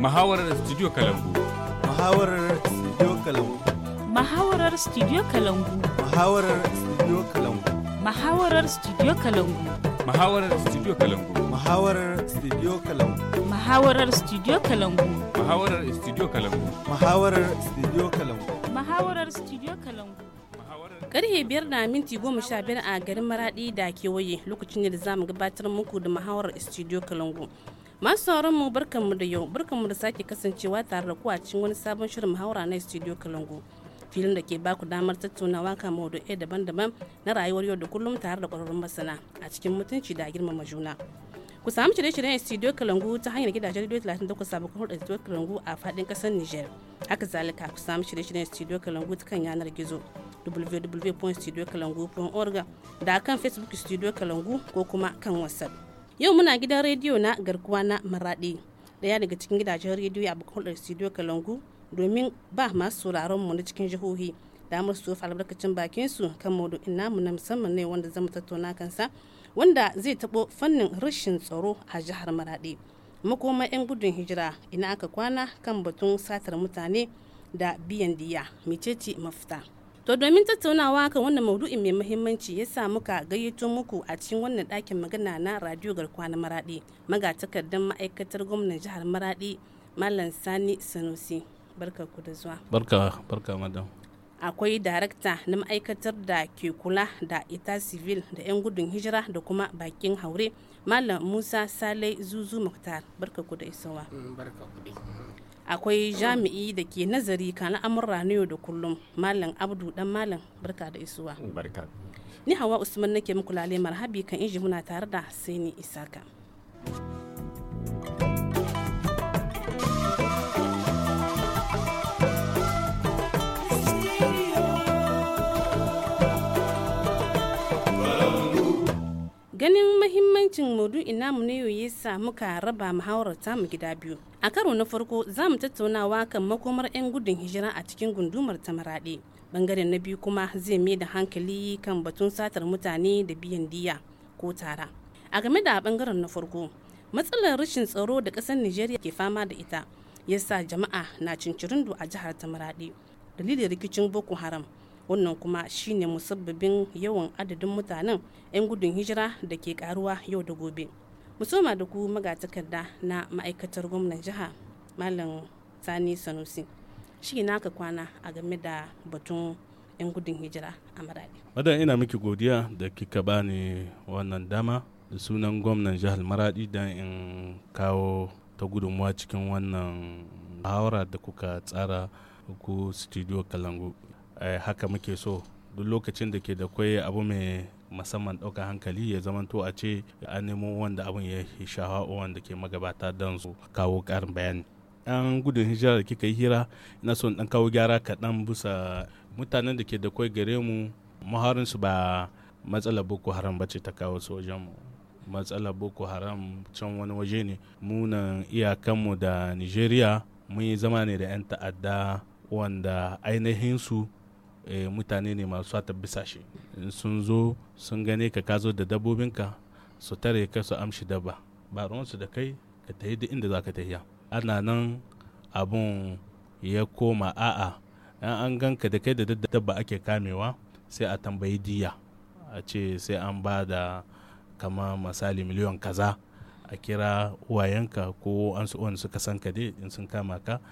Mahawarar Studio Kalambu. Mahawarar Studio Kalambu. Mahawarar Studio Kalambu. Mahawarar Studio Kalambu. Mahawarar Studio Kalambu. Mahawarar Studio Kalambu. Mahawarar Studio Kalambu. Mahawarar Studio Kalambu. Mahawarar Studio Kalambu. Mahawarar Studio Kalambu. Mahawarar Studio Kalambu. karhe biyar da minti goma sha biyar a garin maradi da kewaye lokacin da za mu gabatar muku da mahawar studio kalangu masu sauran mu barkanmu da yau barkanmu da sake kasancewa tare da kuwa cikin wani sabon shirin muhawara na studio kalangu filin da ke baku damar tattaunawa kan maudu'ai daban-daban na rayuwar yau da kullum tare da ƙwararrun masana a cikin mutunci da girmama juna ku samu shirye-shiryen studio kalangu ta hanyar gidajen radio 38 sabakon hulɗar studio kalangu a faɗin ƙasar niger haka zalika ku samu shirye-shiryen studio kalangu ta kan yanar gizo www.studiokalangu.org da kan facebook studio kalangu ko kuma kan whatsapp yau muna gidan rediyo na garkuwa na maraɗe daya daga cikin gidajen rediyo a bakon studio kalangu domin ba masu sauraron mu na cikin jihohi damar su albarkacin bakin su kan ina mu na musamman ne wanda zamu tattauna kansa wanda zai taɓo fannin rashin tsaro a jihar maraɗe makoma 'yan gudun hijira ina aka kwana kan batun satar mutane da biyan diya mecece mafita To domin tattaunawa kan wannan maudu'in mai muhimmanci ya sa muka gayyato muku a cikin wannan ɗakin magana na radio garkuwa na Maraɗi, takardar ma'aikatar gwamnan jihar Maraɗi, Malam Sani Sanusi. Barka ku da zuwa. Barka, barka madam. Akwai darakta na ma'aikatar da ke kula da ita civil da 'yan gudun hijira da kuma bakin haure, Malam Musa Sale Zuzu Muktar. Barka ku da isowa. Mm, akwai jami'i da ke nazari kan al'amurra na yau da kullum malam abdu dan malam barka da isuwa barka ni hawa usman nake muku lalemar habi kan inji muna tare da sani isaka ganin mahimmancin maudu'in namu na yau sa muka raba muhawarar mu gida biyu a karo na farko za mu tattaunawa kan makomar 'yan gudun hijira a cikin gundumar ta bangaren na biyu kuma zai mai da hankali kan batun satar mutane da biyan diya ko tara a game da bangaren na farko matsalar rashin tsaro da ƙasar nigeria ke fama da ita yasa jama'a na cincirindo a jihar ta dalilin rikicin boko haram wannan kuma shine musabbabin yawan adadin mutanen 'yan gudun hijira da ke karuwa yau da gobe musoma da ku magatakarda na ma'aikatar gwamnan jiha malam sani sanusi shi na ka kwana a game da batun 'yan gudun hijira a maradi madan ina miki godiya da kika bani wannan dama da sunan gwamnan jihar maradi don in kawo ta gudunmuwa cikin wannan hawara da kuka tsara ku studio kalangu Eh, haka muke so duk lokacin da ke da kwaye abu mai musamman ɗaukar hankali ya to a ce an nemo wanda abin ya shahawa wanda ke magabata don su kawo ƙarin bayani yan gudun hijira da kika yi hira ina son ɗan kawo gyara kaɗan bisa mutanen da ke da kwai gare mu maharin su ba matsalar boko haram ba ce ta kawo su mu matsalar boko haram can wani waje ne munan iyakanmu da nigeria mun yi zama ne da 'yan ta'adda wanda ainihin su Eh, mutane ne masu sata bisa shi sun zo sun gane ka ka zo da dabbobinka su tare ka su amshi dabba ba ruwansu da kai ka tafi duk inda za ka tafiya ana nan abun ya koma a'a an ganka da kai da dabba ake kamewa sai a tambayi diya a ce sai an ba da kama misali miliyon kaza a kira uwayenka ko an su suka san ka dai in sun kama ka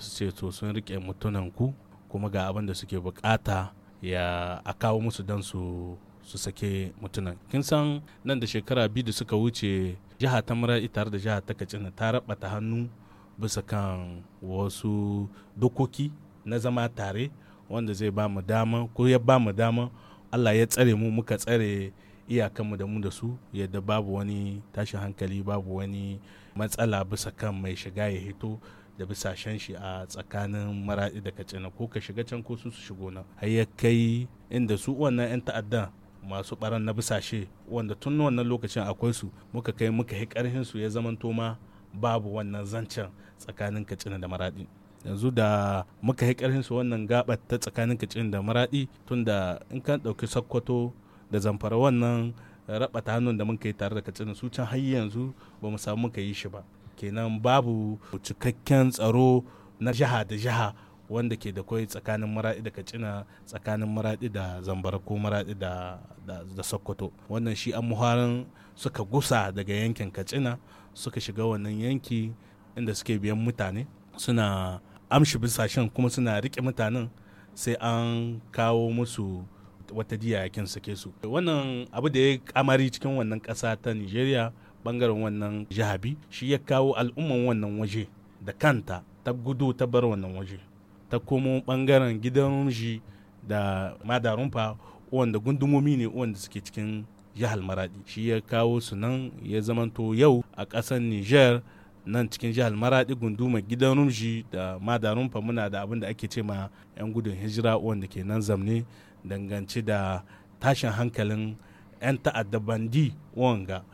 su ce to sun rike mutunan ku kuma ga abin da suke bukata ya a kawo musu don su su sake mutunan kin san nan da shekara biyu da suka wuce jiha ta mura tare da jiha ta kacina ta rabata hannu bisa kan wasu dokoki na zama tare wanda zai ba mu dama ko ya ba mu dama allah ya tsare mu muka tsare iyakanmu da mu da su yadda babu wani tashin hankali babu wani matsala bisa kan mai shiga ya hito da bisashen shi a tsakanin maraɗi da katsina ko ka shiga can ko su su shigo nan har ya kai inda su wannan 'yan ta'adda masu baran na bisashe wanda tun wannan lokacin akwai su muka kai muka yi karhin su ya zamanto ma babu wannan zancen tsakanin katsina da maraɗi yanzu da muka yi karhin su wannan gabar ta tsakanin katsina da maraɗi tun da in kan ɗauki sakkwato da zamfara wannan rabata hannun da muka yi tare da katsina su can har yanzu ba mu samu muka yi shi ba kenan babu cikakken tsaro na jiha da jiha wanda ke da kwai tsakanin maraɗi da kacina tsakanin maraɗi da zambara ko maraɗi da, da, sokoto wannan shi an muharin suka gusa daga yankin kacina suka shiga wannan yanki inda suke biyan mutane suna amshi bisashen kuma suna rike mutanen sai an kawo musu wata diya yakin sake su wannan abu da ya kamari cikin wannan ƙasa ta nigeria bangaren wannan jihabi shi ya kawo al'umman wannan waje da kanta ta gudu ta bar wannan waje ta komo bangaren gidan ji da madarunfa wanda gundumomi ne wanda suke cikin jihar maradi shi ya kawo su nan ya zamanto yau a ƙasar niger nan cikin jihar maradi gunduma gidan rumshi da madarunfa muna da abin da ake ce ma 'yan gudun hijira wanda ke nan zamne dangance da tashin hankalin 'yan ta'adda bandi wanga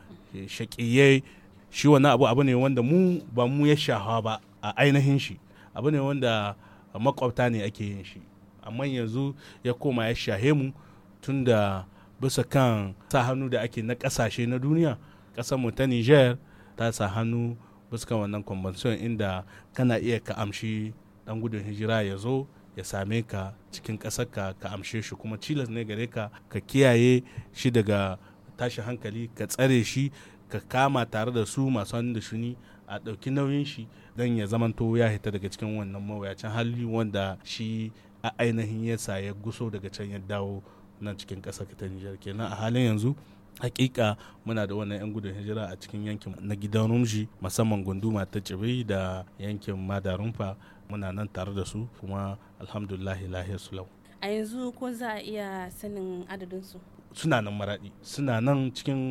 shaƙiye shi wannan abu abu ne wanda mu ba mu ya shahawa ba a ainihin shi abu ne wanda makwabta ne ake yin shi amma yanzu ya koma ya shahe mu tun da bisa kan sa hannu da ake na ƙasashe na duniya ƙasar mu ta niger ta sa hannu bisa kan wannan convention inda kana iya ka amshi dan gudun hijira ya zo ya same ka cikin ƙasarka ka amshe shi kuma cilas ne gare ka ka kiyaye shi daga tashi hankali ka tsare shi ka kama tare da su masu da shuni a ɗauki nauyin shi don ya zamanto ya hita daga cikin wannan mawuyacin hali wanda shi a ainihin yasa ya guso daga can ya dawo nan cikin ƙasa ta Nijar kenan a halin yanzu hakika muna da wannan 'yan gudun hijira a cikin yankin na gidan rumshi musamman gunduma ta cibi da yankin madarumfa muna nan tare da su kuma alhamdulahi lahiyar sulau a yanzu ko za a iya sanin adadinsu suna nan maraɗi suna nan cikin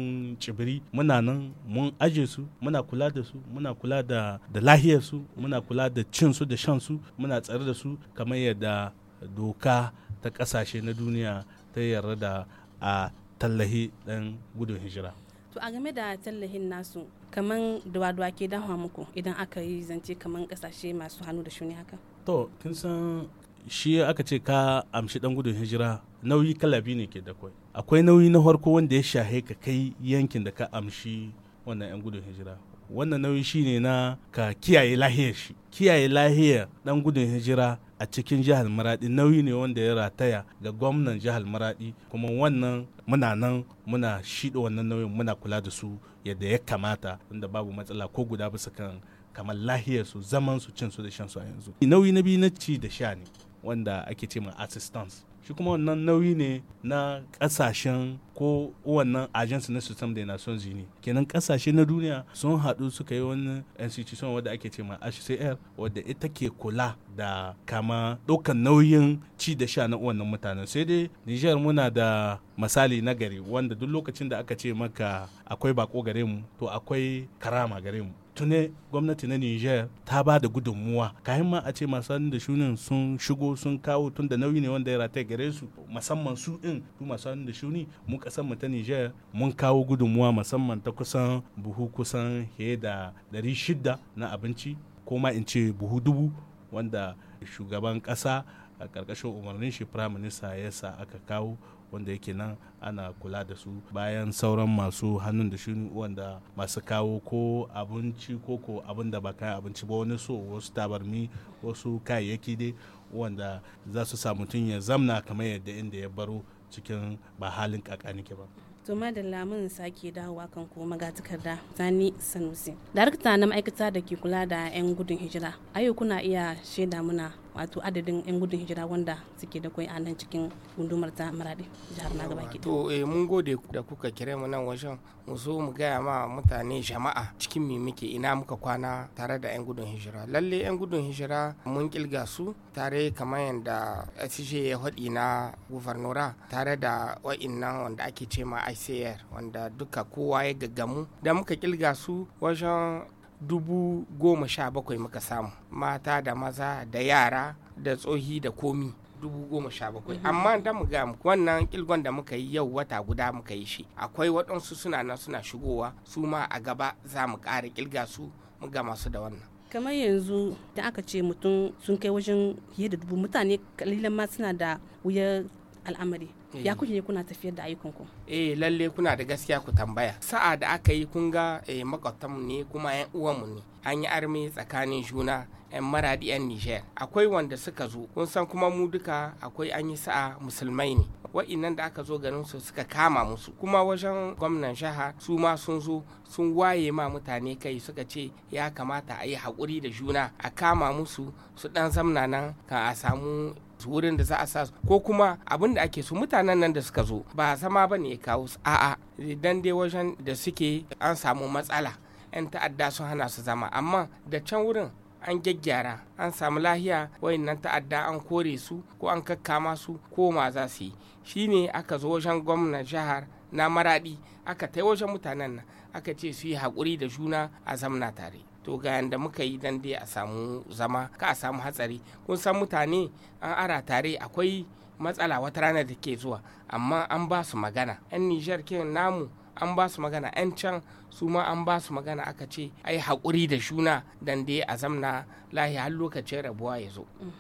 cibiri muna nan mun aje su muna kula da su muna kula da lahiyar su muna kula da cin su da shan su muna tsare da su kamar yadda doka ta ƙasashe na duniya ta yarda da a tallahi ɗan gudun hijira to a game da tallahin nasu kaman duwa-duwa ke dawa muku idan aka yi zance kaman kasashe masu hannu da shuni haka to kin san shi aka ce ka amshi dan gudun hijira nauyi kala biyu ne ke da kwai akwai nauyi na farko wanda ya shahe ka kai yankin da ka amshi wannan yan gudun hijira wannan nauyi shine na ka kiyaye lahiyar shi kiyaye lahiyar dan gudun hijira a cikin jihar maradi nauyi ne wanda ya rataya ga gwamnan jihar maradi kuma wannan muna nan muna shiɗa wannan nauyin muna kula da su yadda ya kamata inda babu matsala ko guda bisa kan kamar lahiyar su zaman su cin su da shan su a yanzu nauyi na biyu na ci da sha ne wanda ake ce ma assistance shi kuma wannan nauyi ne na kasashen ko wannan agency na system da son zini kenan kasashe na duniya sun haɗu suka yi wani institution wadda ake ce ma hcr wadda ita ke kula da kama ɗaukan nauyin ci da sha na wannan mutanen sai dai niger muna da misali na gari wanda duk lokacin da aka ce maka akwai bako gare mu to akwai karama gare mu tune gwamnati na niger ta ba da gudunmuwa kayan ma a ce masu hannun da shunin sun shigo sun kawo tun da nauyi ne wanda ya rata gare su musamman su in su masu hannun da shuni mu kasan mu ta niger mun kawo gudunmuwa musamman ta kusan buhu kusan heda da 600 na abinci ko ma in ce buhu dubu wanda shugaban kasa a ƙarƙashin umarnin shi firaminista ya sa aka kawo wanda yake nan ana kula da su bayan sauran masu hannun da shi wanda masu kawo ko abinci ko ko abin da ba kayan abinci ba wani so wasu tabarmi wasu kayayyaki dai wanda za su sa mutum ya zamna kamar yadda inda ya baro cikin ba halin kakanike ba to madalla mun sake dawowa kan kuma magatakarda sani sanusi darakta na ma'aikata da ke kula da 'yan gudun hijira ayo kuna iya shaida muna wato adadin 'yan gudun hijira wanda suke da kwai a nan cikin gundumar ta maradi jihar na gaba ke to eh mun gode da kuka kire mu nan wajen mu so mu gaya ma mutane jama'a cikin me muke ina muka kwana tare da 'yan gudun hijira lalle 'yan gudun hijira mun kilga su tare kamar yadda FJ ya haɗi na gubernora tare da wa'innan wanda ake ce ma ICR wanda duka kowa ya gaggamu da muka kilga su wajen dubu goma sha bakwai muka samu mata da maza da yara da tsohi da komi dubu goma sha bakwai mhm. amma da mu ga wannan kilgon da muka yi yau wata guda muka yi shi akwai waɗansu suna nan suna shigowa su ma a gaba za mu ƙara kilga su mu ga masu da wannan kamar yanzu da aka ce mutum sun kai wajen fiye da dubu mutane kalilan ma suna da wuyar al'amari eh. ya kuke kuna tafiyar da ayyukanku eh lalle kuna da gaskiya ku tambaya sa'a da aka yi kun ga eh, makwabtanmu ne kuma yan mu ne an yi armi tsakanin juna yan maradi yan niger akwai wanda suka zo kun san kuma mu duka akwai an yi sa'a musulmai ne wa'innan da aka zo ganin su suka kama musu kuma wajen gwamnan jaha su ma sun zo sun waye ma mutane kai suka ce ya kamata a yi haƙuri da juna a kama musu su ɗan zamna nan ka a samu wurin da za a sa ko kuma abin da ake su mutanen nan da suka zo ba zama ba ne kawo a'a idan dai wajen da suke an samu matsala 'yan ta'adda sun hana su zama amma da can wurin an gyaggyara an samu lahiya wayannan ta'adda an kore su ko an kakkama su ko ma za su yi shine aka zo wajen gwamnan jihar na maradi aka tai wajen mutanen nan aka ce su yi haƙuri da juna a zamna tare to ga yanda muka yi dan dai a samu zama ka a samu hatsari kun san mutane an ara tare akwai matsala wata rana da ke zuwa amma an ba su magana 'yan nijar kin namu an ba su magana 'yan can su ma an ba su magana aka ce ai haƙuri da shuna dan dai a zamna lahi har lokacin rabuwa ya zo mhm.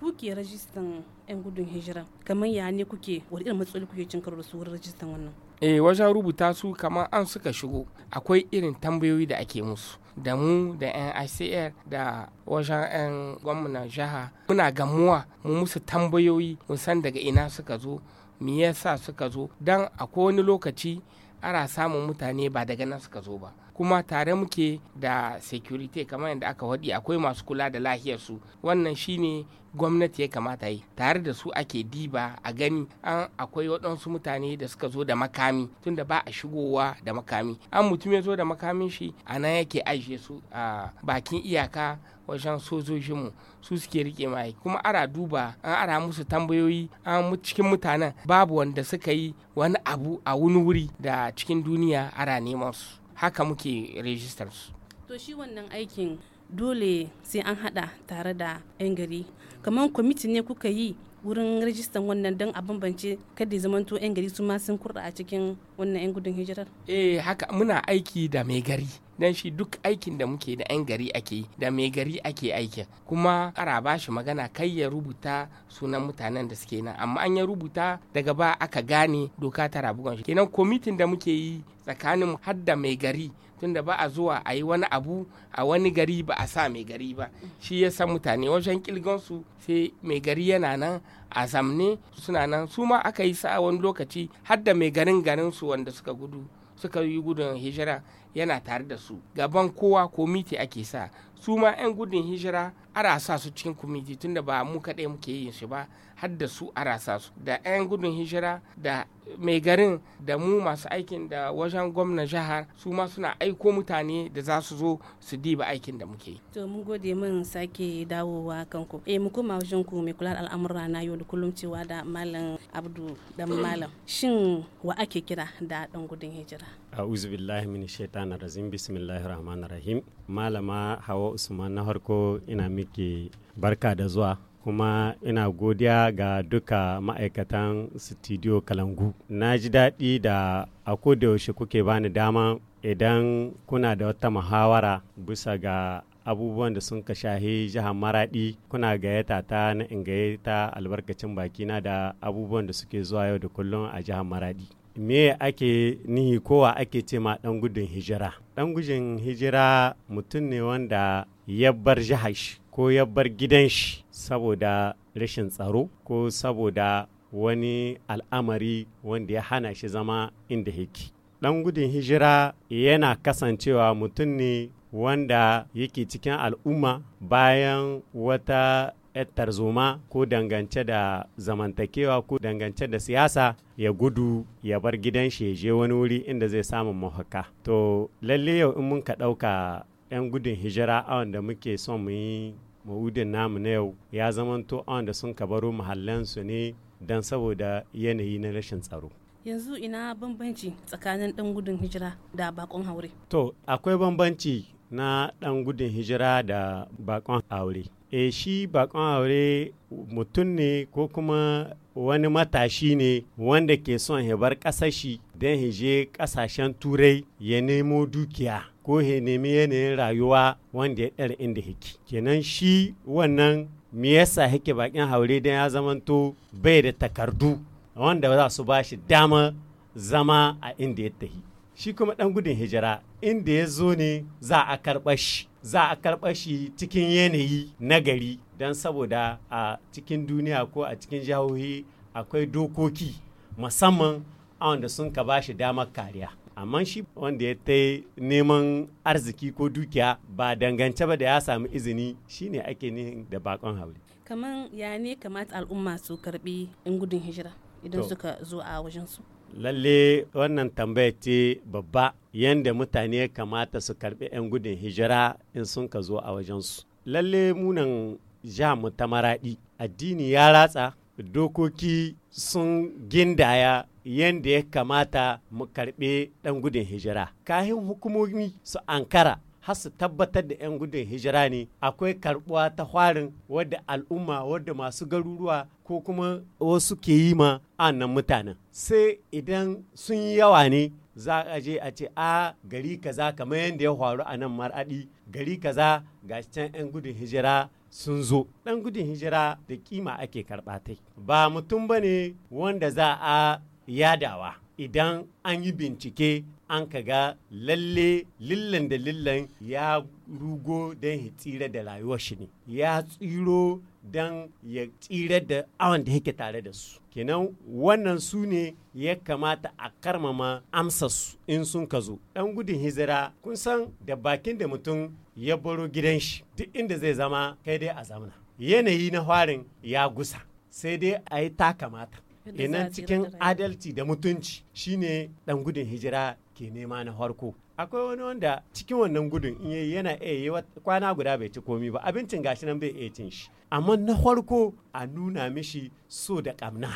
kuke rajistan 'yan gudun hijira kamar ya ne kuke wani matsaloli kuke cin karo da su wurin rajistan wannan e wajen rubuta su kamar an suka shigo akwai irin tambayoyi da ake musu da mu da yan ICR da wajen yan gwamnan jiha muna gamuwa mu musu tambayoyi mu san daga ina suka zo me yasa suka zo dan akwai wani lokaci ana samun mutane ba daga nan suka zo ba kuma tare muke da security kamar yadda aka waɗi akwai masu kula da lahiyar su wannan shine gwamnati ya kamata yi tare da su ake diba a gani an akwai waɗansu mutane da suka zo da makami tunda ba a shigowa da makami an mutum ya zo da makamin shi a nan yake ajiye su a bakin iyaka wajen sojojinmu su suke rike mai kuma ara duba an ara musu tambayoyi an cikin mutanen babu wanda suka yi wani abu a wani wuri da cikin duniya ara neman su haka muke rijistar su to shi wannan aikin dole sai an hada tare da 'yan gari kamar kwamiti ne kuka yi wurin rijistar wannan don a bambance kada zamanto 'yan gari su ma sun kurda a cikin wannan 'yan gudun hijirar eh haka muna aiki da mai gari dan shi duk aikin da muke da 'yan gari ake da mai gari ake aikin kuma kara ba shi magana kai ya rubuta sunan mutanen da suke nan amma an ya rubuta daga ba aka gane doka ta rabugan shi kenan komitin da muke yi tsakanin hadda mai gari tunda ba a zuwa a yi wani abu a wani gari ba a sa mai gari ba shi ya san mutane wajen kilgonsu sai mai gari yana nan a zamne suna nan su ma aka yi sa wani lokaci hadda mai garin garin su wanda suka gudu suka yi gudun hijira yana tare da su gaban kowa komiti ake sa su ma 'yan gudun hijira ana sa su cikin komiti tunda ba mu kaɗai muke yin shi ba Hadda su a rasa su da 'yan gudun hijira da mai garin da mu masu aikin da wajen gwamnan jihar su ma suna aiko mutane da za su zo su diba aikin da muke to mun gode mun sake dawowa kanku eh mu kuma wajen ku mai kula da al'amura na yau da kullum cewa da malam abdu dan malam shin wa ake kira da dan gudun hijira a'udhu billahi minash shaitanir rajim bismillahir rahmanir rahim malama hawa usman na harko ina miki barka da zuwa kuma ina godiya ga duka ma'aikatan studio kalangu na ji daɗi da a yaushe kuke bani dama idan kuna da wata muhawara bisa ga abubuwan da sun ka shahi jihar maraɗi kuna gayyata ta na in gayyata albarkacin bakina da abubuwan da suke zuwa yau da kullum a jihar maraɗi. me ake nihi kowa ake ce ma ɗan gudun hijira ɗan gudun hijira mutum ne wanda ya bar jihar shi ko ya bar gidan shi saboda rashin tsaro ko saboda wani al'amari wanda ya hana shi zama inda yake. Ɗan gudun hijira yana kasancewa mutum ne wanda yake cikin al'umma bayan wata ‘yar tarzoma ko dangance da zamantakewa ko dangance da siyasa ya gudu ya bar gidan shi ya je wani wuri inda zai samun mafaka To, lalle yau in mun ka ɗauka ‘yan gudun hijira a wanda muke son mu yi ma'udin namu na yau ya zamanto an da sun kabaro mahallansu ne don saboda yanayi na rashin tsaro yanzu ina bambanci tsakanin ɗan gudun hijira da bakon haure to akwai bambanci na ɗan gudun hijira da bakon haure e shi bakon haure mutum ne ko kuma wani matashi ne wanda ke son ya bar ƙasashi don hije ƙasashen turai ya nemo dukiya ko he yanayin rayuwa wanda ya ɗara inda hiki kenan shi wannan me yasa bakin haure dan ya zamanto bai da takardu wanda za su ba shi dama zama a inda ya tahi shi kuma ɗan gudun hijira inda ya zo ne za a karɓa shi za a karɓa shi cikin yanayi na gari don saboda a cikin duniya ko a cikin jihohi akwai dokoki musamman a wanda sun ka ba damar kariya amma shi wanda ya ta neman arziki ko dukiya ba dangance ba da ya samu izini shine ake ne da bakon haure kamar ya ne kamata al'umma su karbi in gudun hijira idan suka zo a wajen su lalle wannan tambaya ce babba yadda mutane kamata su karbi 'yan gudun hijira in sun ka zo a wajensu lalle munan ja mu ta maraɗi addini ya ratsa dokoki sun gindaya yadda ya kamata mu karɓe ɗan gudun hijira kahin hukumomi su ankara har su tabbatar da 'yan gudun hijira ne akwai karɓuwa ta hwarin wadda al'umma wadda masu garuruwa ko kuma wasu ke yi ma annan mutanen sai idan sun yi yawa ne za a je a ce a gari kaza kamar yadda ya faru a nan mar'adi gari kaza ga can 'yan gudun hijira sun zo ɗan gudun hijira da kima ake karɓatai ba mutum ba ne wanda za a yadawa idan an yi bincike an ka ga lalle lillan da lillan ya rugo don ya tsira da rayuwar shi ne ya tsiro don ya tsira da awon da yake tare da su kenan wannan su ne ya kamata a karmama amsarsu in sun ka zo ɗan gudun hijira kun san da bakin da mutum ya baro gidan shi duk inda zai zama kai dai a zamana yanayi na farin ya gusa sai dai a yi ta kamata kenan cikin adalci da mutunci shine dan gudun hijira ke nema na farko akwai wani wanda cikin wannan gudun in yayi yana iya yi kwana guda bai ci komi ba abincin gashi nan bai iya cin shi amma na farko a nuna mishi so da kamna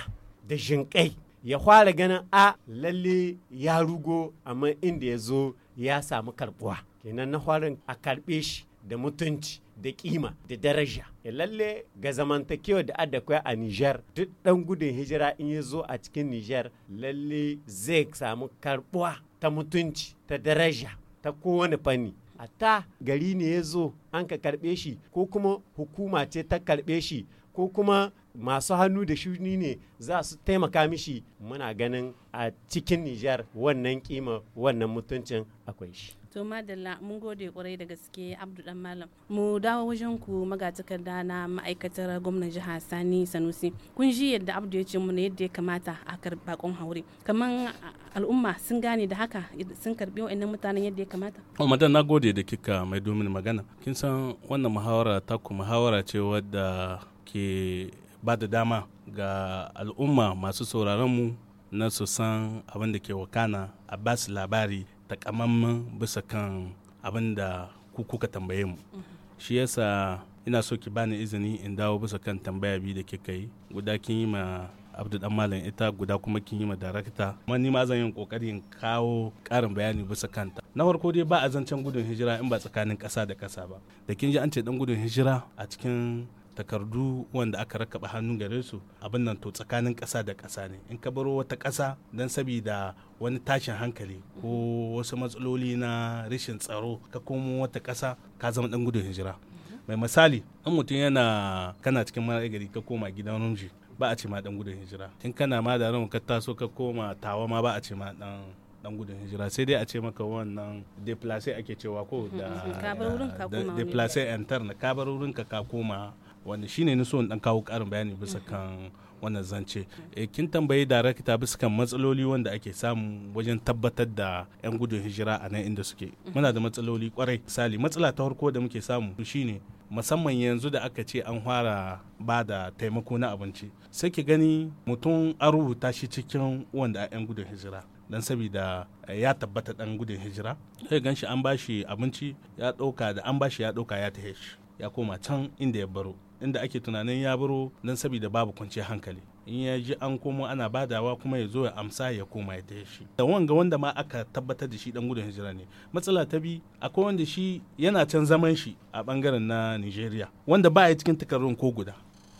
da jinƙai ya fara ganin a lalle ya rugo amma inda ya zo ya samu karbuwa kenan na farin a karbe shi da mutunci da kima da daraja lalle ga zamantakewa da adakwai a Nijar duk ɗan gudun hijira in ya zo a cikin Nijar lalle zai samu karbuwa ta mutunci ta daraja ta kowane fanni a ta gari ne ya zo an ka karbe shi ko kuma hukuma ce ta karbe shi ko kuma masu hannu da shuni ne za su taimaka mishi muna ganin a cikin Nijar wannan kima wannan mutuncin akwai shi to madalla mun gode kwarai da gaske abdu dan malam mu dawo wajen ku magatakarda na ma'aikatar gwamnan jiha sani sanusi kun ji yadda abdu ya ce mu yadda ya kamata a karbi bakon haure kaman al'umma sun gane da haka sun karbi wa'annan mutanen yadda ya kamata o madan na gode da kika mai domin magana kin san wannan muhawara ta ku muhawara ce wadda ke ba da dama ga al'umma masu sauraron mu na su san abin da ke wakana a basu labari takamamman bisa kan abin da ku kuka tambaye mu mhm. shi yasa ina so ki bani izini in dawo bisa kan tambaya biyu da kika yi guda kin yi ma abdu dan malam ita guda kuma kin yi ma darakta kuma ni ma zan yi kokari in kawo karin bayani bisa kanta na farko dai ba a zancen gudun hijira in ba tsakanin ƙasa da ƙasa ba da kin ji an ce dan gudun hijira a cikin takardu wanda aka rakaba hannu gare su abin nan to tsakanin ƙasa da ƙasa ne in ka baro wata ƙasa don sabida wani tashin hankali ko wasu matsaloli na rashin tsaro ka komo wata ƙasa ka zama ɗan gudun hijira mai misali in mutum yana kana cikin mara gari ka koma gidan rumji ba a ce ma ɗan gudun hijira in kana ma da ka taso ka koma tawa ma ba a ce ma ɗan dan gudun hijira sai dai a ce maka wannan deplace ake cewa ko da deplace enter na kabar wurin ka koma wanda shine ne so dan kawo karin bayani bisa kan wannan zance e kin tambayi darakta bisa kan matsaloli wanda ake samu wajen tabbatar da 'yan gudun hijira a nan inda suke muna da matsaloli kwarai sali matsala ta farko da muke samu shine musamman yanzu da aka ce an fara ba da taimako na abinci sai ki gani mutum an rubuta shi cikin wanda 'yan gudun hijira dan saboda eh, ya tabbata dan gudun hijira sai ganshi an bashi abinci ya dauka da an bashi ya dauka ya tahe ya koma can inda ya baro inda ake tunanin ya baro don saboda babu kwanciyar hankali in ya ji an komo ana badawa kuma ya zo ya amsa ya koma ya taya shi da wanga wanda ma aka tabbatar da shi dan gudun hijira ne matsala ta bi akwai wanda shi yana can zaman shi a bangaren na nigeria wanda ba yi cikin takarrun ko guda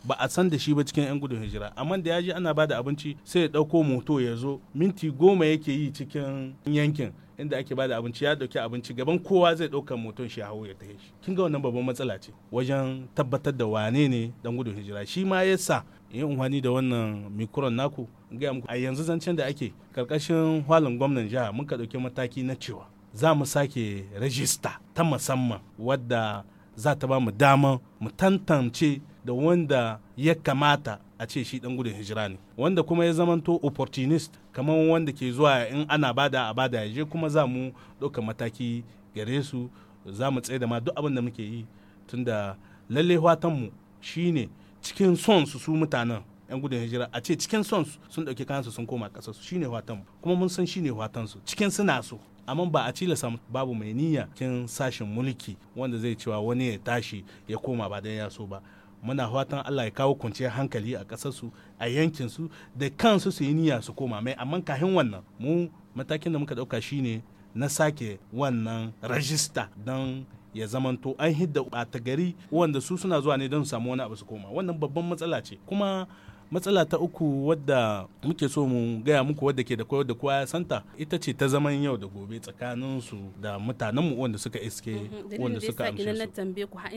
ba a san da shi ba cikin 'yan gudun hijira amma da ya ji ana bada abinci sai ya dauko moto ya zo minti goma yake yi cikin yankin inda ake bada abinci ya dauki abinci gaban kowa zai dauka moton shi hawo ya tafi shi kin ga wannan babban matsala ce wajen tabbatar da wane ne dan gudun hijira shi ma yasa in unhwani da wannan mikron naku ga muku a yanzu zancen da ake karkashin hwalin gwamnan jiha muka dauki mataki na cewa za mu sake rajista ta musamman wadda za ta ba mu dama mu tantance da wanda ya kamata a ce shi dan gudun hijira ne wanda kuma ya zamanto opportunist kamar wanda ke zuwa in ana bada a bada ya je kuma za mu ɗauka mataki gare su za mu tsaye da ma duk abin da muke yi tunda lalle mu shine cikin son su su mutanen yan gudun hijira a ce cikin son su sun ɗauki kansu sun koma ƙasar su shine mu kuma mun san shine su cikin suna so amma ba a tilasa babu mai niyya cikin sashen mulki wanda zai cewa wani ya tashi ya koma ba dan ya so ba muna fatan Allah ya kawo kwanciyar hankali a ƙasarsu a yankinsu da kansu su yi niyya su koma mai amma kahin wannan mu matakin da muka ɗauka shine na sake wannan rajista don ya zamanto an hidda ɓata gari wanda su suna zuwa ne don su samu wani abu su koma wannan babban matsala ce kuma matsala ta uku wadda muke so mu gaya muku wadda ke da koyar da kowa ya santa ita ce ta zaman yau da gobe tsakanin su da mutanen mu wanda suka iske mhm. wanda suka amshe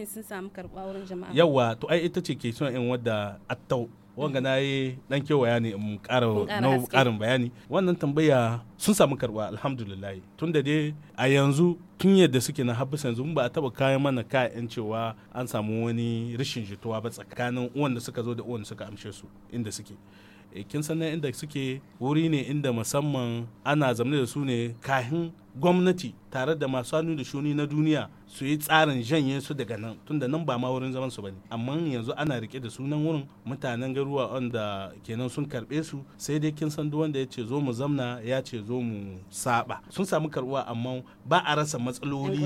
su yawa to ai ita ce ke son in wadda attau wanga na yi dan kewaya ne in karin bayani wannan tambaya sun samu karɓa alhamdulillah tun da dai a yanzu tun yadda suke na habisa yanzu ba a taba kayan mana kayan cewa an samu wani rashin jituwa ba tsakanin uwan da suka zo da uwan suka amshe su inda suke eh, kin san inda suke wuri ne inda musamman ana zamne da su ne kahin gwamnati tare da masu hannu da shuni na duniya su yi tsarin janye su daga nan tunda nan ba ma wurin zaman su bane amma yanzu ana rike da sunan wurin mutanen garuwa wanda kenan sun karbe su sai dai kin san duk wanda ya ce zo mu zamna ya ce zo mu saba sun samu karbuwa amma ba a rasa matsaloli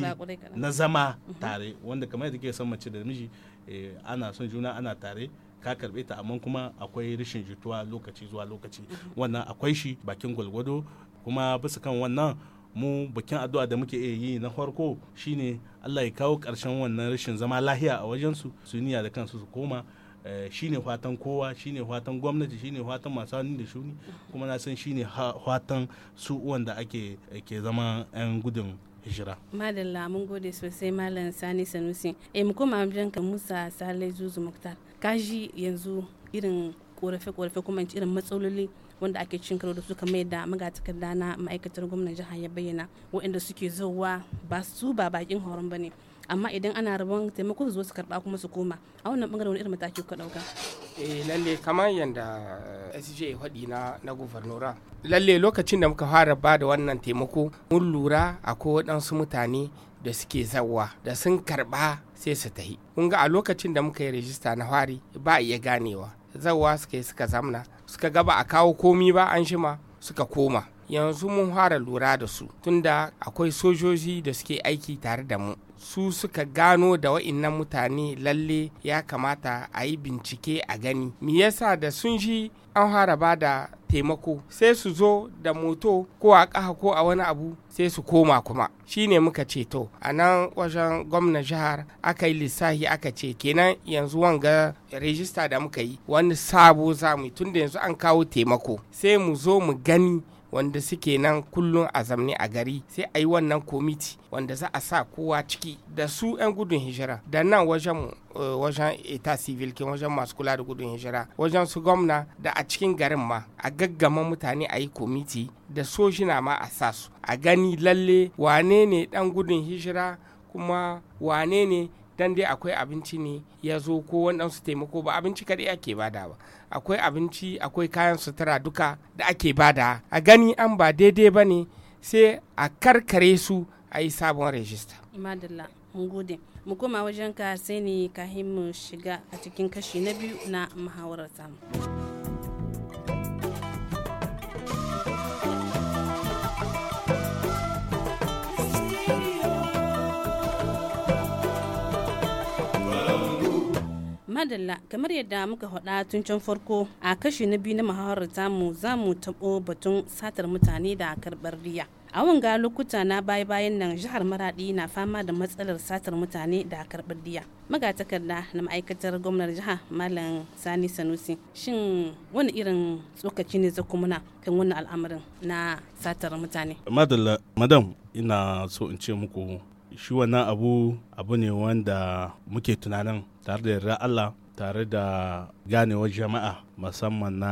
na zama mhm. tare wanda kamar yadda ke san mace da miji eh, ana son juna ana tare ka karbe ta amma kuma akwai rashin jituwa lokaci zuwa lokaci mhm. wannan akwai shi bakin gwalgwado kuma bisa kan wannan mu bikin addu'a da muke iya yi na farko shine Allah ya kawo ƙarshen wannan rashin zama lahiya a wajensu su niya da kansu su koma eh, shine fatan kowa shine fatan gwamnati shine fatan masu hannu da shuni kuma na san shine fatan su wanda ake ke zama 'yan gudun hijira. Madalla mun gode sosai Malam Sani Sanusi. E mu koma ka Musa Sale Zuzu Muktar. Kaji yanzu irin korafe-korafe kuma irin matsaloli wanda ake cin karo da su kamar yadda magatakarda na ma'aikatar gwamnan jiha ya bayyana waɗanda suke zuwa ba su ba bakin horon ba ne amma idan ana rabon taimako su zo su karba kuma su koma a wannan bangaren wani irin mataki ka dauka eh lalle kamar yanda eh, SJ faɗi na na gubernora lalle lokacin da muka fara ba da wannan taimako mun lura akwai waɗansu mutane da suke zawa da sun karɓa sai su tahi kun ga a lokacin da muka yi rajista na fari ba iya ganewa zawa suka yi suka zamna suka gaba a kawo komi ba an shima suka koma yanzu mun fara lura da su tunda akwai sojoji da suke aiki tare da mu su suka gano da wa'innan mutane lalle ya kamata a yi bincike a gani me yasa da sun ji an haraba da taimako sai su zo da moto ko a ƙaha ko a wani abu sai su koma kuma Shi ne muka ce to a nan wajen gwamnan jihar aka yi lissahi aka ce kenan yanzu wanga rijista da muka yi wani sabo zamu tunda yanzu an kawo taimako sai mu zo mu gani wanda suke nan kullum a zamne a gari sai a yi wannan komiti wanda za a sa kowa ciki da su 'yan gudun hijira da nan wajen eh, wajen eta civil ke wajen masu kula da gudun hijira wajen su gwamna da a cikin garin ma a gaggama mutane a yi komiti da sojina ma a sa su a gani lalle wane ne dan gudun hijira kuma wane ne dan dai akwai abinci ne ya zo ko waɗansu taimako ba abinci kadai ake bada ba akwai abinci akwai kayan sutura duka da ake bada a gani an ba daidai ba ne sai a karkare su a yi sabon rajista mu koma wajen ka sai ne ka mu shiga a cikin kashi na biyu na muhawarar samu madalla kamar yadda muka faɗa tun can farko a kashi na biyu na muhawarar tamu za mu taɓo batun satar mutane da karɓar riya a wanga lokuta na baya bayan nan jihar maradi na fama da matsalar satar mutane da karɓar riya magatakarda na ma'aikatar gwamnar jiha malam sani sanusi shin wani irin tsokaci ne za kan wannan al'amarin na satar mutane madalla madam ina so in ce muku shi wannan abu abu ne wanda muke tunanin tare da yarda Allah tare da ganewar jama'a musamman na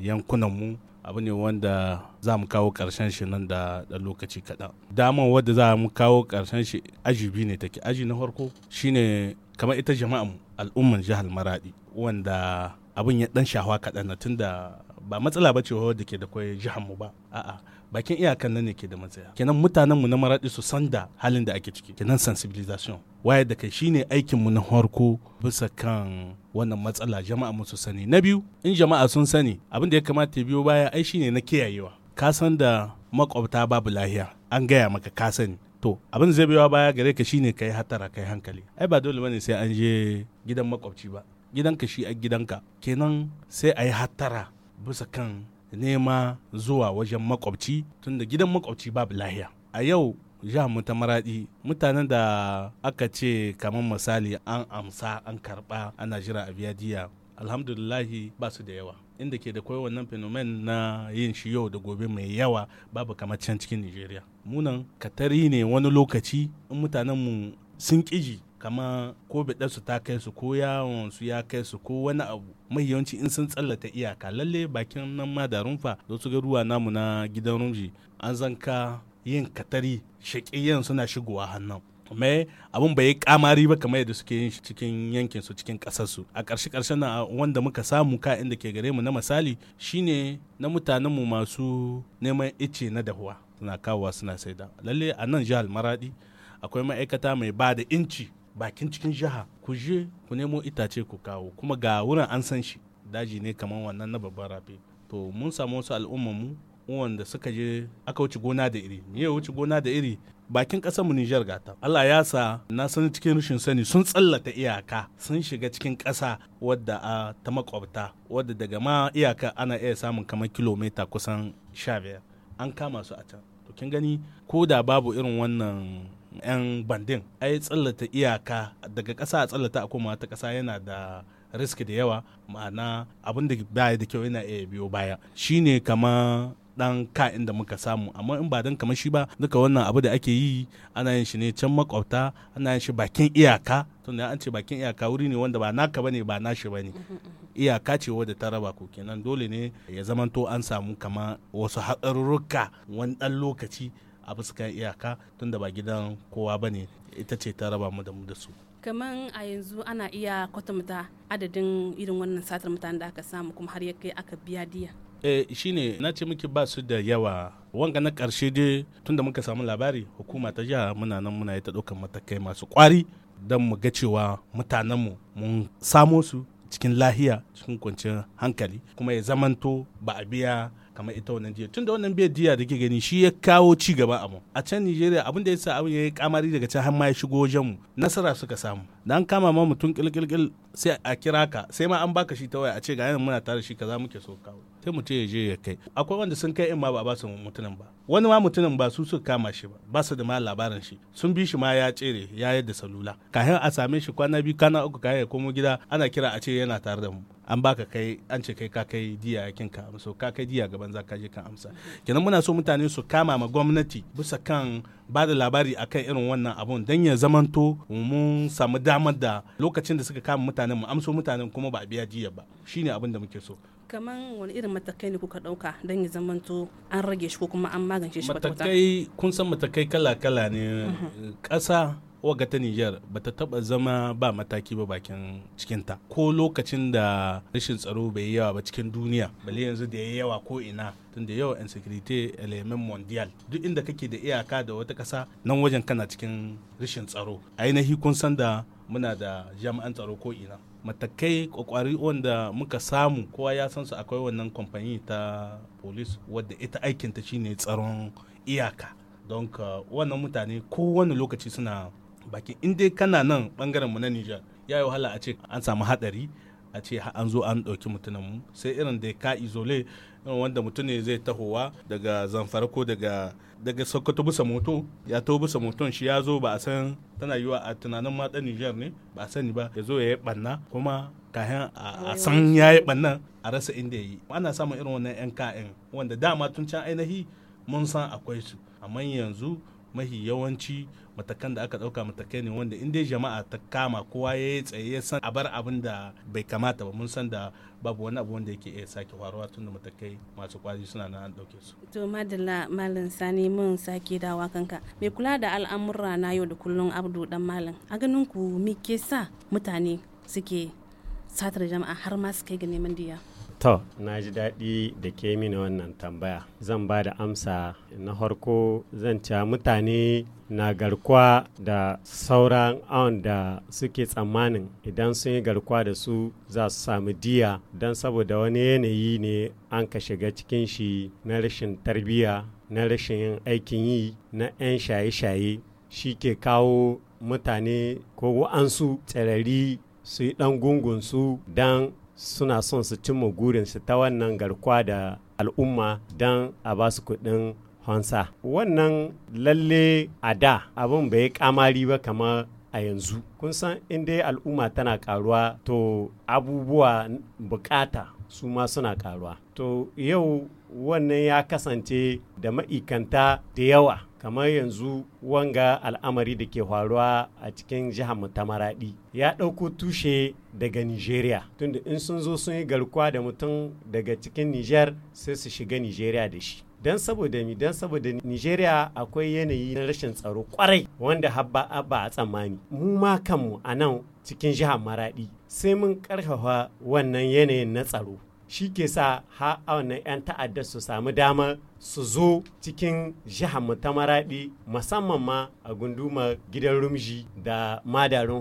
yankunanmu abu ne wanda za mu kawo ƙarshen shi nan da lokaci kaɗan dama wadda za mu kawo ƙarshen shi aji biyu ne take aji na farko shine kamar ita jama'an al'umman jihar maradi wanda abin ya ɗan shawa kaɗan na tunda ba matsala ba ce wadda ke da kwai jihar mu ba a'a bakin iyakan nan ne ke da matsaya kenan mutanen mu na maraɗi su san da halin da ake ciki kenan sensibilization waye da kai shine aikin mu na harko bisa kan wannan matsala jama'a mu su sani na biyu in jama'a sun sani abin da ya kamata ya biyo baya ai shine na kiyayewa ka san da makwabta babu lahiya an gaya maka ka sani to abin zai biyo baya gare ka shine kai hatara kai hankali ai ba dole bane sai an je gidan makwabci ba gidanka shi a gidanka kenan sai a yi hatara. bisa kan nema zuwa wajen makwabci da gidan makwabci babu lahiya a yau jihar mu ta maradi mutanen da aka ce kamar misali an amsa an karba ana jira a biya jiya alhamdulillahi ba su da yawa inda ke da kwai wannan fenomen na yin shi yau da gobe mai yawa babu kamar can cikin nigeria munan katari ne wani lokaci in mutanen mu sun ƙiji kamar ko su ta kai su ko yawon su ya kai su ko wani abu mahiyanci in sun tsallata iyaka lalle bakin nan ma da rumfa da su ga ruwa namu na gidan rumji an zanka yin katari shaƙiyan suna shigowa hannun mai abin bai yi kamari ba kamar yadda suke yin cikin yankin su cikin ƙasar su a ƙarshe ƙarshe na wanda muka samu ka inda ke gare mu na misali shine na mutanen mu masu neman ice na dahuwa suna kawowa suna saida lalle a nan jihar maradi akwai ma'aikata mai ba da inci bakin cikin jiha ku je ku nemo itace ku kawo kuma ga wurin an san shi daji ne kamar wannan na babban rafi to mun samu wasu al'ummanmu wanda suka je aka wuce gona da iri me ya wuce gona da iri bakin ƙasar mu Nijar gata Allah ya sa na san cikin rashin sani sun tsallata iyaka sun shiga cikin ƙasa wadda a ta makwabta wadda daga ma iyaka ana iya samun kamar kilomita kusan 15 an kama su a can to kin gani ko da babu irin wannan 'yan bandin yi tsallata iyaka daga ƙasa a tsallata a koma ta ƙasa yana da riski da yawa ma'ana abin da baya da kyau yana iya biyo baya shine kama dan ka'in da muka samu amma in ba dan kamar shi ba duka wannan abu da ake yi ana yin shi ne can makwabta ana yin shi bakin iyaka ne an ce bakin iyaka wuri ne wanda ba naka bane ba nashi bane iyaka ce wadda ta raba ku kenan dole ne ya zamanto an samu kama wasu haɗarurruka wani ɗan lokaci a fuskan iyaka tunda ba gidan kowa ba ne ita ce ta raba mu da mu da su kamar a yanzu ana iya kwatanta adadin irin wannan satar mutane da aka samu kuma har ya kai aka biya diya eh shine na ce miki ba su da yawa wanga na karshe dai tunda muka samu labari hukuma ta jiha muna nan muna yi ta ɗaukar matakai masu kwari don mu ga cewa mu mun samo su cikin lahiya cikin kwanciyar hankali kuma ya zamanto ba a biya kamar ita wannan tun da wannan bai diya da ke gani shi ya kawo ci gaba a mu a can Nigeria abin da ya sa abin ya yi kamari daga can har ma ya shigo wajen mu nasara suka samu an kama ma mutum kilkilkil sai a kira ka sai ma an baka shi ta waya a ce ga yanzu muna tare shi kaza muke so kawo sai mutum ya je ya kai akwai wanda sun kai in ma ba su mutunan ba wani ma mutunan ba su suka kama shi ba ba su da ma labarin shi sun bi shi ma ya tsere ya yadda salula kafin a same shi kwana biyu kana uku kaya ya komo gida ana kira a ce yana tare da mu an baka kai an ce kai ka kai diya yakin ka amsa ka kai diya gaban za ka je ka amsa kenan muna so mutane su kama ma gwamnati bisa kan ba da labari akan irin wannan abun dan ya zamanto mun samu damar da lokacin da suka kama mutanen mu amso mutanen kuma ba a biya diya ba shine abin da muke so kamar wani irin matakai ne kuka dauka don ya zamanto an rage shi ko kuma an magance shi matakai kun san matakai kala-kala ne ƙasa waga ta Nijar ba ta taba zama ba mataki ba bakin cikinta ko lokacin da rashin tsaro bai yi yawa ba cikin duniya bale yanzu da ya yawa ko ina tun da yawa insecurity element mondial duk inda kake da iyaka da wata kasa nan wajen kana cikin rashin tsaro ainihi kun san da muna da jami'an tsaro ko ina matakai kwakwari wanda muka samu kowa ya san su akwai wannan kamfani ta polis wadda ita aikinta ne tsaron iyaka don wannan mutane kowane lokaci suna baki in dai kana nan bangaren mu na Nijar ya yi wahala a ce an samu hadari a ce an zo an ɗauki mutunan mu sai irin da ka izole wanda mutum ne zai tahowa daga zamfara ko daga daga sokoto bisa moto ya to bisa moton shi ya zo ba a san tana yiwa a tunanin ma Niger ne ba a sani ba ya zo ya yi banna kuma kayan a san ya yi banna a rasa inda ya yi ana samun irin wannan yan ka'in wanda dama tun can ainihi mun san akwai su amma yanzu mahi yawanci matakan da aka dauka matakai ne wanda in dai jama'a ta kama kowa ya yi tsaye ya san abar abin da bai kamata ba mun san da babu wani abu wanda yake iya sake faruwa tun da matakai masu kwari suna na an dauke su to madalla malam sani mun sake dawa kanka mai kula da al'amura na yau da kullum abdu dan malam a ganin ku me ke sa mutane suke satar jama'a har ma su kai ga neman diya To, na ji daɗi da ke mini wannan tambaya. Zan ba da amsa na harko zan cewa mutane na garkuwa da sauran awon da suke tsammanin idan sun yi garkuwa da su za su samu diya don saboda wani yanayi ne an ka shiga cikin shi na rashin tarbiyya na rashin yin aikin yi na 'yan shaye-shaye shi ke kawo mutane ko wa'ansu tsirari su yi ɗan su don suna son su cimma gurinsu ta wannan garkuwa da al'umma don a ba su kuɗin hansa wannan lalle a da abin bai kamari ba kamar a yanzu kun san inda al'umma tana karuwa to abubuwa bukata su ma suna karuwa to yau wannan ya kasance da ma'ikanta da yawa kamar yanzu wanga al'amari da ke faruwa a cikin jihar ta maradi ya ɗauko tushe daga nigeria tunda in sun zo sun yi garkuwa da mutum daga cikin niger sai su shiga nigeria da shi don saboda mi don saboda nigeria akwai yanayi na rashin tsaro kwarai wanda habba abba a tsammani mu ma kanmu a nan cikin jihar maradi sai mun karfafa wannan yanayin na tsaro shi ke sa ha wannan 'yan ta'adda su samu damar su zo cikin jihar mu ta maraɗi musamman ma a gunduma gidan rumji da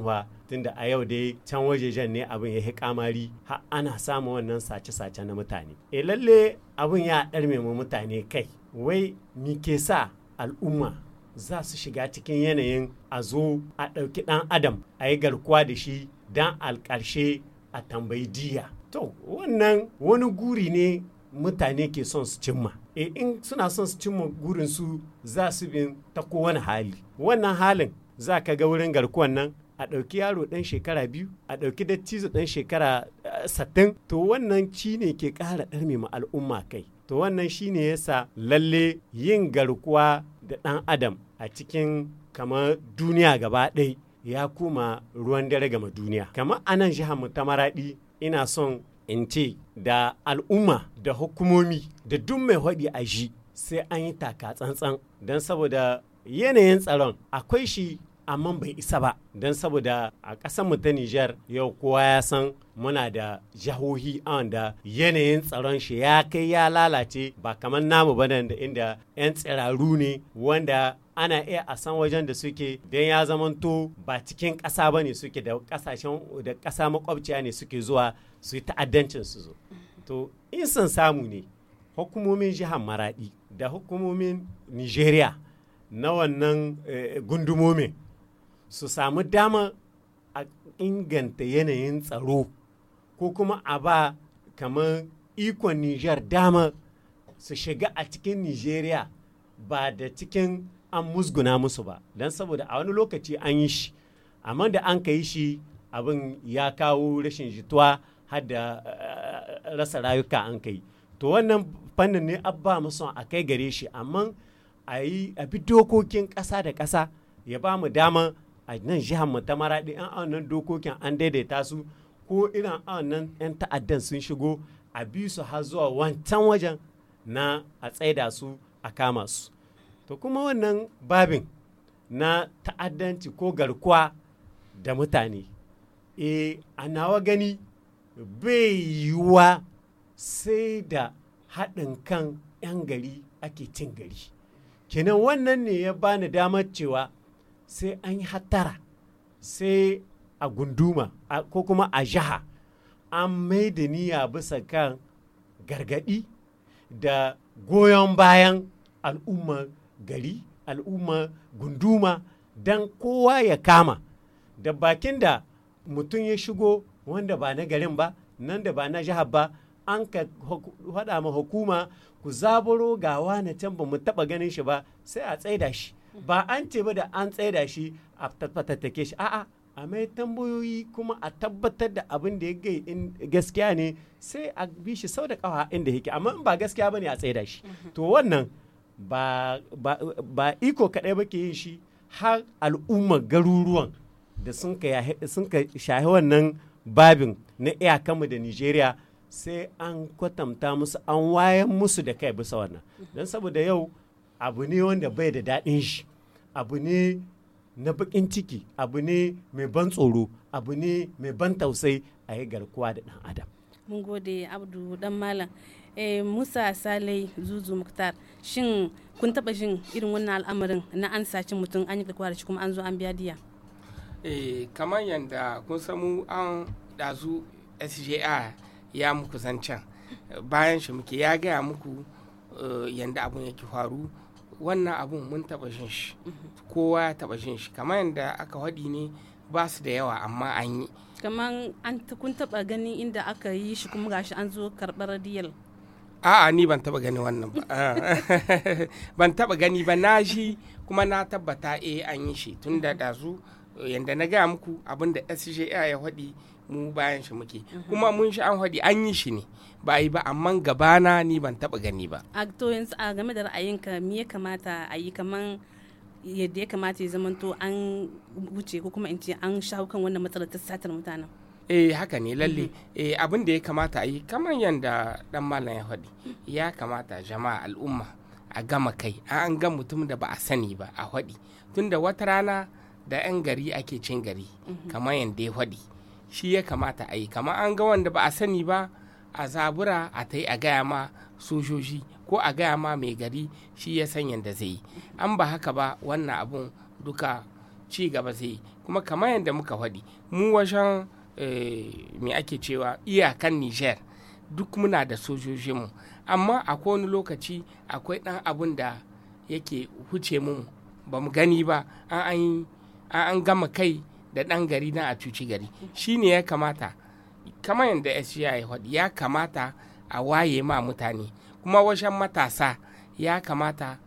fa tunda a yau dai can wajejen ne abin ya kamari har ana samun wannan sace-sace na mutane e lalle abin ya ɗarme mu mutane kai wai mi ke sa al'umma za su shiga cikin yanayin a zo a ɗauki ɗan adam a yi garkuwa da shi dan alƙarshe a tambayi diya to wannan wani guri ne mutane ke son su cimma e in suna son su cimma gurin su za su bin ta kowane hali wannan halin za ka ga wurin garkuwan nan a ɗauki yaro ɗan shekara biyu a ɗauki dattizo ɗan shekara eh, sattin to wannan ci ne ke ƙara ɗarme ma al'umma kai to wannan shi ne yasa lalle yin garkuwa da ɗan adam a cikin kamar duniya gaba ɗaya ya koma ruwan dare gama duniya kamar anan jihar mu ta maraɗi ina son in ce da al'umma da hukumomi da duk mai haɗi a shi sai an yi taka tsantsan don saboda yanayin tsaron akwai shi amma bai isa ba don saboda a ƙasar ta Nijar yau kowa ya san muna da jahohi da yanayin tsaron shi ya kai ya lalace ba kamar namu ba da inda 'yan tsiraru ne wanda ana iya a san wajen da suke don ya zamanto ba cikin ƙasa ba ne suke da ƙasashen da ƙasa makwabciya ne suke zuwa su yi ta'addancin su zo to in sun samu ne hukumomin jihar maradi da hukumomin nigeria na wannan eh, gundumomin su samu dama a inganta yanayin tsaro ko kuma a ba kamar ikon Nijar dama su shiga a cikin nigeria ba da cikin an musguna musu ba don saboda a wani lokaci an yi shi amma da an ka yi shi abin ya kawo rashin jituwa har da eh, rasa rayuka an kai to wannan fannin ne abba son a kai gare shi amma a bi dokokin ƙasa da ƙasa ya ba mu dama a nan jihar mu ta maraɗi an nan dokokin an daidaita su ko irin nan 'yan ta'addan sun shigo a bi su har zuwa wancan wajen na a tsaida su a kama su to kuma wannan babin na ta'addanci ko garkuwa da mutane e a nawa gani bai yiwuwa sai da haɗin kan 'yan gari ake cin gari kenan wannan ne ya bani damar cewa sai an yi hattara sai a gunduma ko kuma a jiha an mai da niyya bisa kan gargaɗi da goyon bayan al'ummar gari al'ummar gunduma don kowa ya kama da bakin da mutum ya shigo wanda ba na garin ba nan da ba na jihar ba an ka faɗa ma hukuma ku zaburo gawa na can ba mu taɓa ganin shi ba sai a tsaida shi ba an ce ba da an tsaida shi a fatattake shi a'a a mai tambayoyi kuma a tabbatar da abin da ya gai in gaskiya ne sai a bi shi sau da kawa inda yake amma in ba gaskiya ba ne a tsaida shi mhm. to wannan ba, iko kaɗai ba ke yin shi har al'ummar garuruwan da sun ka shahi wannan babin na iyakanmu da nigeria sai an kwatanta musu an wayan musu da kai bisa wannan don saboda yau abu ne wanda bai da daɗin shi abu ne na bakin ciki abu ne mai ban tsoro abu ne mai ban tausai a yi garkuwa da ɗan adam mun gode abdu dan malam eh, musa salai zuzu muktar shin kun taba jin irin wannan al'amarin na an saci mutum an yi garkuwa da shi kuma an zo an biya diya Eh, kamar yadda kun samu an dazu sjr ya muku zancen bayan shi muke ya gaya muku eh, yadda abun yake faru wannan abun mun taɓa shi kowa ya taɓa shi kamar yadda aka haɗi ne ba su da yawa amma an yi kamar an kun taɓa ganin inda aka yi shi kuma gashi an zo karɓar diyal a'a ni ban taba gani wannan ba ah. ban taba gani ba na shi kuma na tabbata eh an yi shi tun da dazu yanda na gaya muku abin da SJA ya haɗi mu bayan shi muke mhm. kuma mun shi an haɗi an yi shi ne ba yi ba amma gabana ni ban taɓa gani ba a to yanzu a game da ra'ayinka me ya kamata a yi kaman yadda ya kamata ya zamanto an wuce ko kuma in ce an shawo kan wannan matsalar ta satar mutanen eh haka ne lalle mhm. eh abin da ya kamata a yi kamar yanda dan malam ya haɗi ya kamata jama'a al'umma a gama kai an ga mutum da ba a sani ba a tun tunda wata rana da 'yan gari ake cin gari mhm. kamar yadda ya faɗi shi ya kamata a yi kamar an ga wanda ba a sani ba a zabura a ta yi a gaya ma sojoji ko a gaya ma mai gari shi ya san yadda zai yi mhm. an ba haka ba wannan abun duka ci gaba zai yi kuma kamar yadda muka faɗi mu wajen eh, me ake cewa iyakan niger duk muna da sojojinmu amma a wani lokaci akwai ɗan abun da yake huce mu ba mu gani ba an an an gama kai da ɗan gari na a cuci gari shi ne ya kamata kama yadda SGI ya kamata a waye ma mutane kuma wajen matasa ya kamata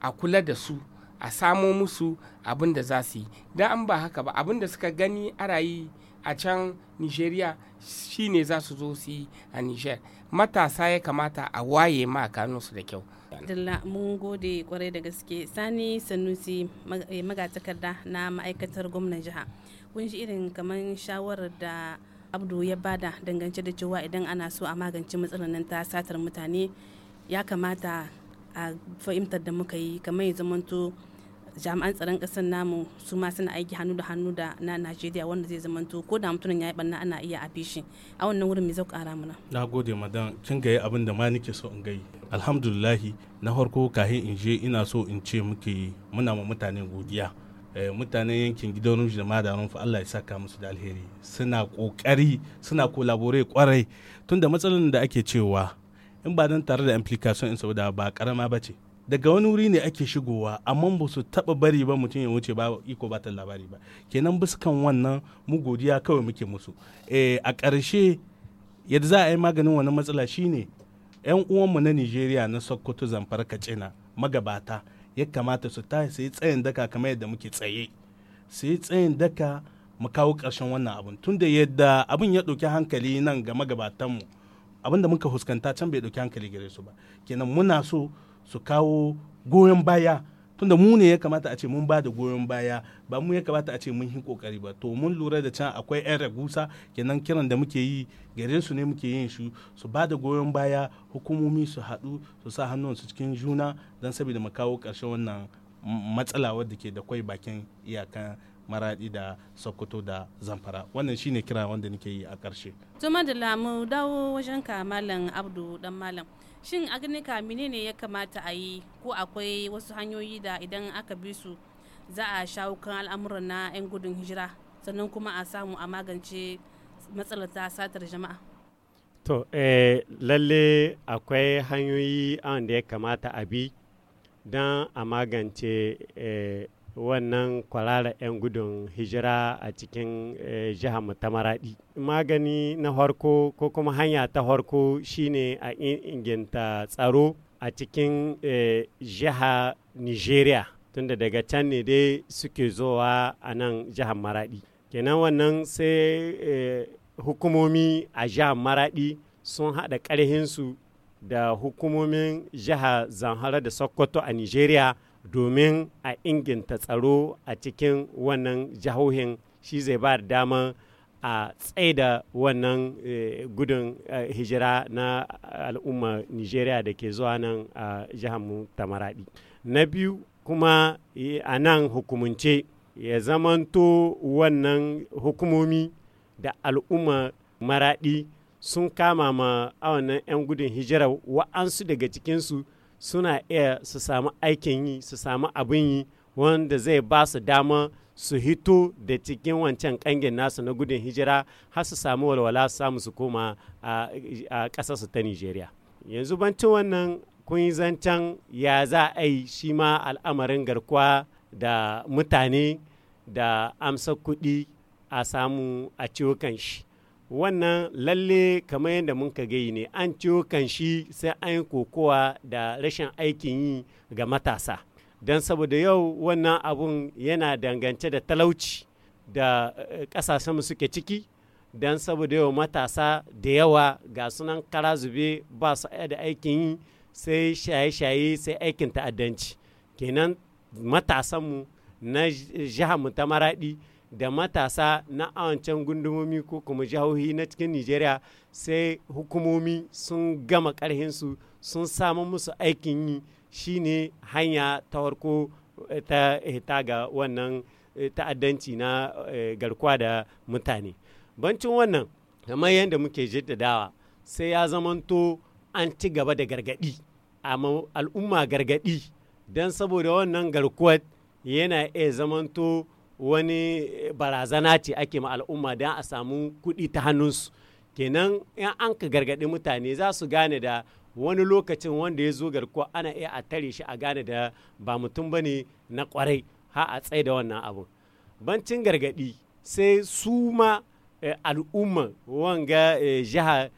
a kula da su a samo musu abin da za su yi don an ba haka ba abin da suka gani arayi a can nigeria shine za su zo su yi a niger matasa ya kamata a waye ma su da kyau Dalla mun gode kwarai da gaske sani sanusi eh, magatakarda na ma'aikatar gwamnan jiha kun ji irin kamar shawarar da abdu ya bada dangance da cewa idan ana so a magance matsalar nan ta satar mutane ya kamata a fahimtar da muka yi kamar ya zamanto jami'an tsaron ƙasar namu su ma suna aiki hannu da hannu da na najeriya wanda zai zama to ko da mutumin ya yi ɓanna ana iya afi shi a wannan wurin mai zau ƙara mana na gode madan kin gayi abin da ma nike so in gayi alhamdulillahi na farko kahin in je ina so in ce muke muna ma mutane godiya eh, mutanen yankin gidan rumshi da madarun fa Allah ya saka musu da alheri suna kokari suna kolabore kwarai tunda matsalolin da ake cewa in ba don tare da implication in saboda ba karama ba ce daga wani wuri ne ake shigowa amma ba su taba bari ba mutum ya wuce ba iko ba ta labari ba kenan buskan wannan mu godiya kawai muke musu eh, a ƙarshe yadda za a yi maganin wani matsala shine yan uwanmu na nigeria na sokoto zamfara katsina magabata ya kamata su tashi su tsayin daka kamar yadda muke tsaye su yi tsayin daka mu kawo ƙarshen wannan abun tun da yadda abun ya ɗauki hankali nan ga magabatanmu abin da muka fuskanta can bai ɗauki hankali gare su ba kenan muna so su kawo goyon baya tunda mu ne ya kamata a ce mun ba da goyon baya ba mu ya kamata a ce mun yi kokari ba to mun lura da can akwai yan ragusa kenan kiran da muke yi gare su ne muke yin shi su ba da goyon baya hukumomi su haɗu su sa su cikin juna don saboda mu kawo ƙarshen wannan matsala wadda ke da kwai bakin iyakan maradi da sokoto da zamfara wannan shine kira wanda nake yi a ƙarshe. to da mu dawo wajen ka malam abdu dan malam shin agnika menene ya kamata a yi ko akwai wasu hanyoyi da idan aka bi su za a shawo kan al'amuran na 'yan gudun hijira sannan kuma a samu a magance matsalar ta satar jama'a to eh, lalle akwai hanyoyi da ya kamata a bi don a magance eh, wannan kwalara 'yan gudun hijira a cikin eh, jihar mu ta maradi magani na harko ko kuma hanya ta harko shine a inganta tsaro a cikin eh, jiha nigeria tunda daga can ne dai suke zowa a nan jihar maradi kenan wannan sai eh, hukumomi a jihar maradi sun haɗa ƙarhinsu da hukumomin jihar zanhara da sokoto a nigeria domin a inganta tsaro a cikin wannan jihohin shi zai ba da dama a tsaida wannan eh, gudun eh, hijira na al'umma nigeria da ke zuwa nan a jihar mu ta na biyu kuma eh, a nan hukumance ya zamanto wannan hukumomi da al'umma maraɗi sun kama ma wannan 'yan gudun hijira wa'ansu daga cikinsu suna iya su samu aikin yi su samu abin yi wanda zai ba su dama su hito da cikin wancan kangin nasu na gudun hijira har su samu walwala su samu su koma a kasarsu ta nigeria yanzu banci wannan kun yi zancen ya za a yi shi ma al'amarin garkuwa da mutane da amsa kuɗi a samu a ciwo shi wannan lalle kamar yadda mun ka gai ne an ciwo kan shi sai an yi kokowa da rashin aikin yi ga matasa don saboda yau wannan abun yana dangance da talauci da eh, mu suke ciki don saboda yau matasa da yawa ga sunan kara zube ba su da aikin yi sai shaye-shaye sai aikin ta'addanci kenan matasanmu na jihar mu ta maraɗi da matasa na awancan gundumomi ko kuma jihohi na cikin nigeria sai hukumomi sun gama karhinsu sun samu musu aikin yi shine hanya ta farko eh, ta hita eh, ga wannan eh, ta'addanci na garkuwa da mutane bancin wannan kamar yadda muke jaddadawa sai ya zamanto an ci gaba da gargadi al'umma gargadi don saboda wannan garkuwa yana iya zamanto wani barazana ce ake ma al'umma don a samu kuɗi ta hannunsu kenan in an ka gargaɗi mutane za su gane da wani lokacin wanda ya zo garko ana iya a tare shi a gane da ba mutum ba ne na kwarai ha a tsaye da wannan abu bancin gargaɗi sai su ma eh, al'umma wanga eh, jiha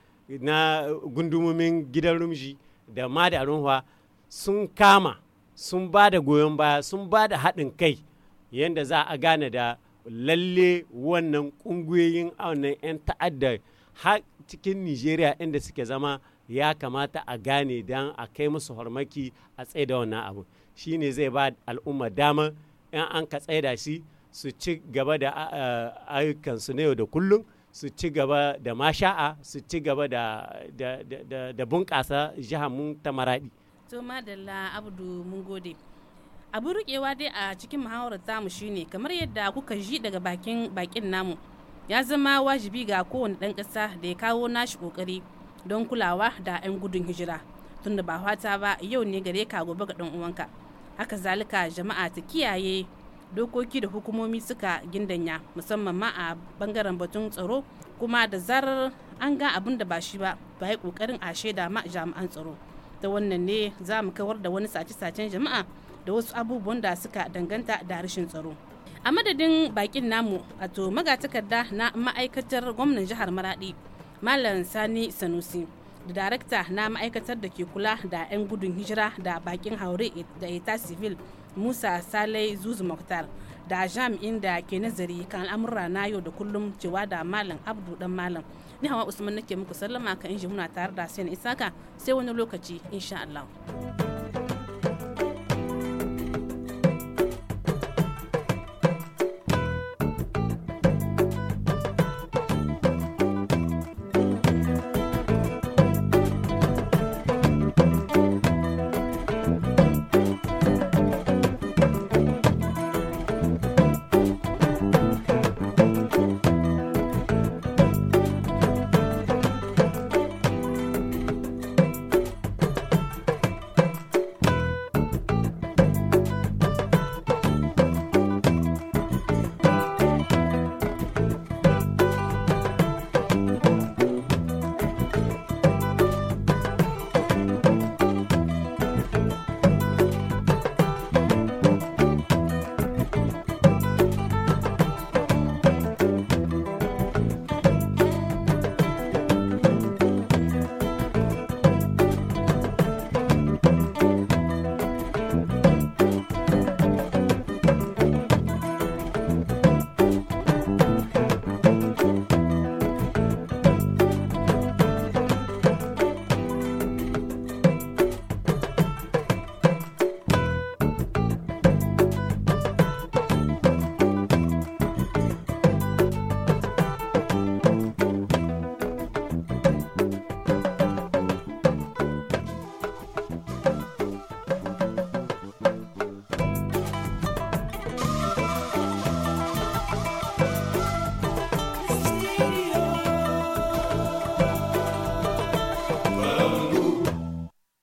na gundumomin gidan rumshi da ma da sun kama sun ba da goyon baya sun ba da haɗin kai yadda za a gane da lalle wannan ƙungiyoyin wannan 'yan ta'adda har cikin nigeria inda suke zama ya kamata a gane don a kai musu hormaki a tsaida wannan abu shi ne zai ba al'umma dama in an ka tsaida shi su ci gaba da ayyukansu na yau da kullum su ci gaba da masha'a su ci gaba da bunƙasa jihar mun ta maraɗi. to madalla abdu mun gode abin rikewa dai a cikin muhawarar tamu shine kamar yadda kuka ji daga bakin bakin namu ya zama wajibi ga kowane ɗan ƙasa da ya kawo nashi ƙoƙari don kulawa da 'yan gudun hijira tunda ba fata ba yau ne gare ka gobe ga ɗan uwanka haka zalika jama'a ta kiyaye dokoki da hukumomi suka gindanya musamman ma a bangaren batun tsaro kuma da zarar an ga abin da ba shi ba ba yi kokarin a shaida ma jami'an tsaro ta wannan ne za mu kawar da wani sace-sacen jama'a da wasu abubuwan da suka danganta da rashin tsaro a madadin bakin namu wato magatakarda na ma'aikatar gwamnan jihar maradi malam sani sanusi da darakta na ma'aikatar da ke kula da 'yan gudun hijira da bakin haure da ita civil musa salai zuzu muktar da jami'in da ke nazari kan al'amura na yau da kullum cewa da malam abdu dan malam ni hawa usman nake muku sallama ka inji muna tare da sen isaka sai wani lokaci insha allah